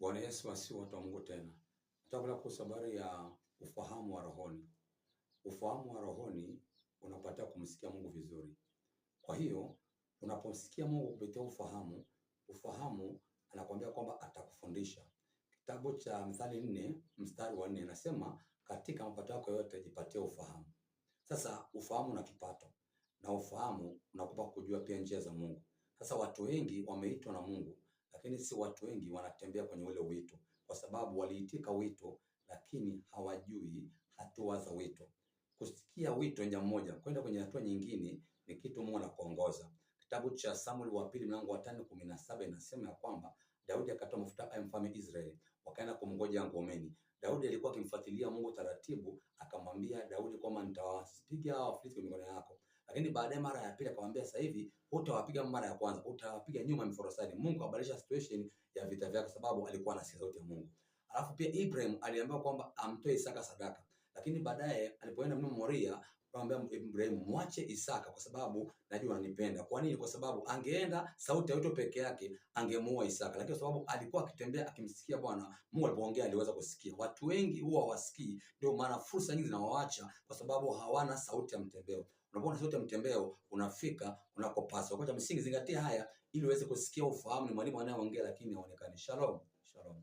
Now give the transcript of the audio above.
Bwana Yesu asiwe watu wa Mungu tena. Nataka kuhusu habari ya ufahamu wa rohoni. Ufahamu wa rohoni unapatia kumsikia Mungu vizuri. Kwa hiyo unapomsikia Mungu kupitia ufahamu, ufahamu anakuambia kwamba atakufundisha. Kitabu cha Mithali nne mstari wa nne inasema katika mapato yako yote jipatie ufahamu. Sasa ufahamu na kipato na ufahamu unakupa kujua pia njia za Mungu. Sasa watu wengi wameitwa na Mungu lakini si watu wengi wanatembea kwenye ule wito, kwa sababu waliitika wito, lakini hawajui hatua za wito. Kusikia wito jambo mmoja kwenda kwenye hatua nyingine ni kitu Mungu anakuongoza. Kitabu cha Samuel wa pili mlango wa 5:17 kumi na saba inasema ya kwamba Daudi akatoa mafuta aye mfalme Israeli, wakaenda kumngoja ngomeni. Daudi alikuwa akimfuatilia Mungu taratibu, akamwambia Daudi kwamba nitawapiga hawa Wafilisti kwa mikono yako lakini baadaye mara ya pili akamwambia, sasa hivi utawapiga mara ya kwanza, utawapiga nyuma miforosadi. Mungu abadilisha situation ya vita vyake, sababu alikuwa na sauti ya Mungu. Alafu pia Ibrahim aliambiwa kwamba amtoe Isaka sadaka, lakini baadaye alipoenda mlima Moria akamwambia Ibrahimu, mwache Isaka kwa sababu najua anipenda. Kwa nini? Kwa sababu angeenda sauti ya wito peke yake angemuua Isaka, lakini kwa sababu alikuwa akitembea akimsikia Bwana Mungu alipoongea, aliweza kusikia. Watu wengi huwa wasikii, ndio maana fursa nyingi zinawaacha kwa sababu hawana sauti ya mtembeo. Unapoona sauti ya mtembeo unafika unakopaswa. Kwa msingi, zingatia haya ili uweze kusikia, ufahamu ni mwalimu anayeongea, lakini haonekani. Shalom, shalom.